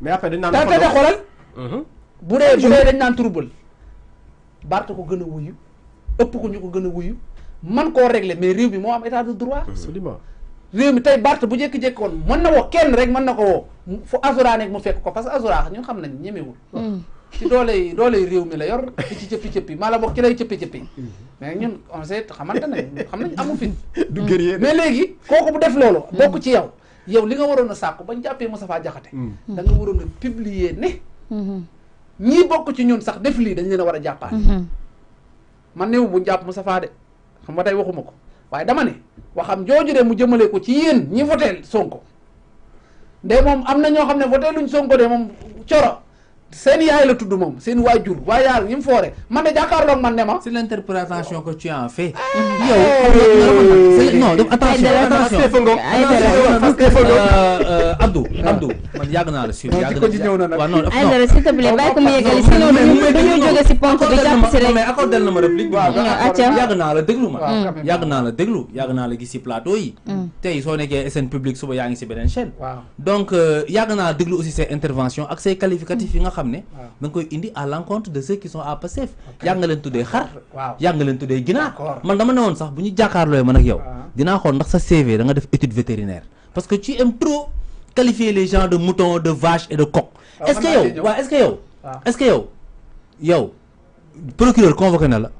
mais après dañ naan dafa doon xoolal. Mhm. bu dee bu dee dañ naan turubal. Barth ko gën a wuyu ëpp ko ñu ko gën a wuyu man koo régler mais réew mi moo am état de droit. Mhm. absolument réew mi tey Barth bu jékki-jékki woon mën na woo kenn rek mën na ko woo fu Azura nekk mu fekk ko parce que Azura ñun xam nañ ñemewul. Mhm. ci dooley dooley réew mi la yor di ci cëppi cëppi maa la wax ci lay cëppi cëppi mais ñun on sait xamante nañ xam nañ amu fi. du guerrier mais léegi kooku bu def loolu. bokk ci yow. yow li nga waroon a sàkku bañ jàppee Moustapha Diakhaté mm. da nga waroon a publier ne mm-hmm. ñii bokk ci ñun sax def lii dañ leen a war a jàppaat mm-hmm. man néew bu jàpp Moustapha de xam nga waxuma ko waaye dama ne xam jooju de mu jëmale ko ci yéen ñi voteel Sonko de moom am na ñoo xam ne voteel luñ Sonko de moom coro seen yaay la tudd moom seen waajur waaye yaar ñi mu foore man de ne ma. c'est l'interprétation que ko as fait. Ah. yow non donc attention attention Abdou Abdou yàgg naa la si yàgg na ko mu yeggali si dañoo bi jàpp si rek na ma réplique yàgg naa la déglu ma mm. yàgg naa la déglu yàgg naa la gis si plateau yi mm. tey soo nekkee SN Public suba yaa ngi si beneen chaîne donc euh, yàgg naa la déglu aussi ses interventions ak ses qualificatifs yi nga xam ne koy indi à l'encontre de ceux qui sont à Pastef yaa nga leen xar yaa leen tuddee man dama ne sax buñu ñu man ak yow ah. dina ndax sa CV da nga def étude vétérinaire parce que tu aimes trop qualifier les gens de moutons de vaches et de coqs ah, est-ce que yow wa ah. est-ce que yow est-ce que yow yow procureur convoqué na la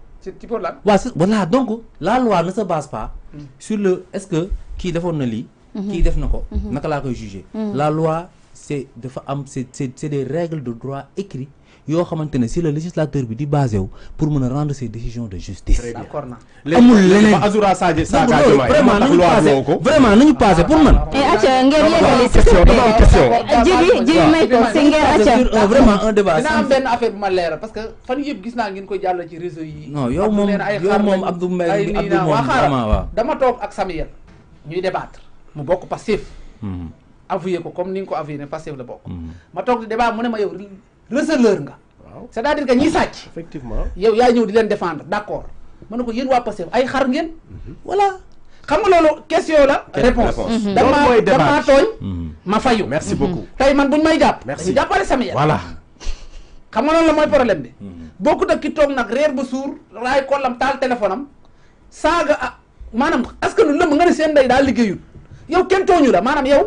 voilà donc la loi ne se base pas hmm. sur le est-ce que qui défend na lit qui mhm. def nako mhm. naka koy juger mhm. la loi c'est dafa am c'est c'est des règles de droit écrit yo xamantene si le législateur bi di basé wu pour mën rendre ses décisions de justice. d'accord na amul leneen Azura Sadio Sadio vraiment nañu passé vraiment nañu passé pour man. et acha ngeen yeggali si question dama am question. djibi jibi may ko si ngeen acca. vraiment un débat. dina am ben affaire ma leeral parce que fan yeb gis naa ngeen koy jallo ci réseau yi. non yow mom yow mom Abdou Mbaye Abdou moom vraiment waaw. dama toog ak samiel ñuy débattre mu bokk passif. hmm avoué ko comme ni nga ko avoué ne Pastef la bokk. Mhm. ma toog di débat mu ne ma yow receleur nga. waaw c'est-à-dire que ñiy sàcc. effectivement yow yaa ñëw di leen défendre d'accord ma ne ko yéen waa Pastef ay xar ngeen. Mhm. voilà xam nga loolu question la. réponse dama mhm. dama tooñ. ma fayu merci beaucoup. tey man buñ may jàpp. jàppale sama yàlla voilà. xam nga loolu la mooy problème bi. bokkut ak ki toog nag reer ba suur raay kollam taal téléphone am saaga ah maanaam est-ce que lu lëmm nga ne seen ndey daal liggéeyul yow kenn tooñu la maanaam yow.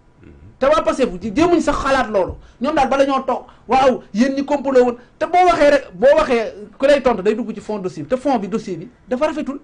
te waa Pastef bu demuñ sax xalaat lolu ñom dal bala ñoo toog waaw yeen ni complot won te bo waxé rek bo waxé ku lay tontu day dugg ci fond dossier te fond bi dossier bi dafa rafetul